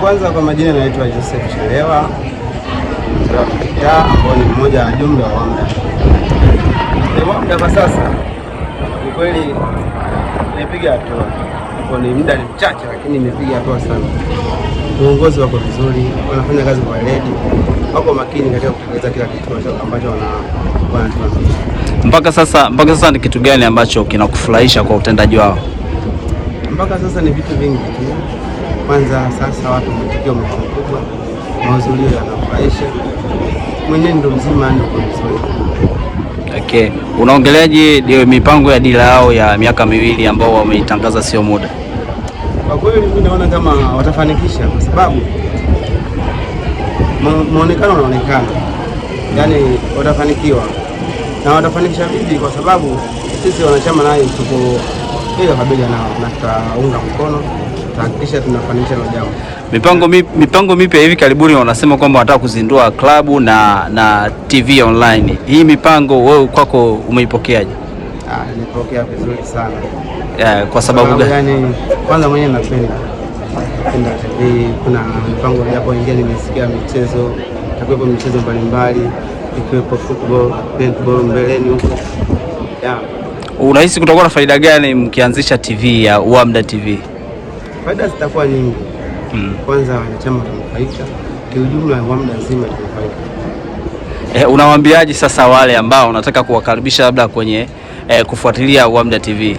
Kwanza kwa majina naitwa Joseph Chelewa kitaa, ambao ni mmoja wa jumbe wa WAMDA. WAMDA kwa sasa ni kweli nimepiga hatua, kwa ni muda ni mchache, lakini nimepiga hatua sana. Uongozi wako vizuri, wanafanya kazi kwa redi wako makini katika kutekeleza kila kitu ambacho wana mpaka sasa. Mpaka sasa ni kitu gani ambacho kinakufurahisha kwa utendaji wao? Mpaka sasa ni vitu vingi tu. Kwanza sasa watu wametokea mtu mkubwa, mahudhurio yanafurahisha, mwenendo mzima ndio mzuri. Okay, unaongeleaje mipango ya dira yao ya miaka miwili ambao wameitangaza sio muda? Kwa kweli mimi naona kama watafanikisha kwa sababu muonekano unaonekana, yaani watafanikiwa na watafanikisha vipi? Kwa sababu sisi wanachama naye tuko kila pamoja nao na tutaunga mkono, tutahakikisha tunafanisha hilo jambo. Mipango mipango mipya hivi karibuni, wanasema kwamba wanataka kuzindua klabu na na TV online. Hii mipango wewe kwako umeipokeaje? Ah, nilipokea vizuri sana. Yeah, kwa sababu gani? Kwanza mwenyewe napenda napenda TV. Kuna mipango japo ingia, nimesikia michezo takuwepo michezo mbalimbali ikiwepo football, paintball mbeleni huko yeah. Unahisi kutakuwa na faida gani mkianzisha TV ya Wamda TV? Faida zitakuwa nyingi. Mm. Kwanza wanachama watanufaika, kiujumla Wamda nzima itanufaika. Eh, unawaambiaje sasa wale ambao unataka kuwakaribisha labda kwenye eh, kufuatilia Wamda TV?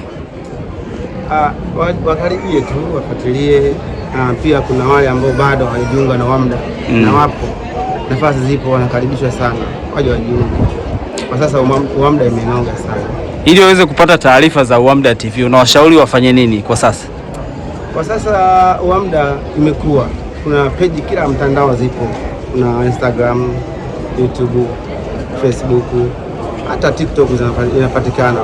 Ah, wakaribie tu wafuatilie. Ah, pia kuna wale ambao bado hawajiunga na Wamda. Mm. Na wapo nafasi zipo, wanakaribishwa sana, waje wajiunge. Kwa sasa Wamda imenonga sana ili waweze kupata taarifa za UWAMDA TV, unawashauri wafanye nini kwa sasa? Kwa sasa UWAMDA imekuwa kuna peji kila mtandao zipo, kuna Instagram, YouTube, Facebook hata TikTok zinapatikana.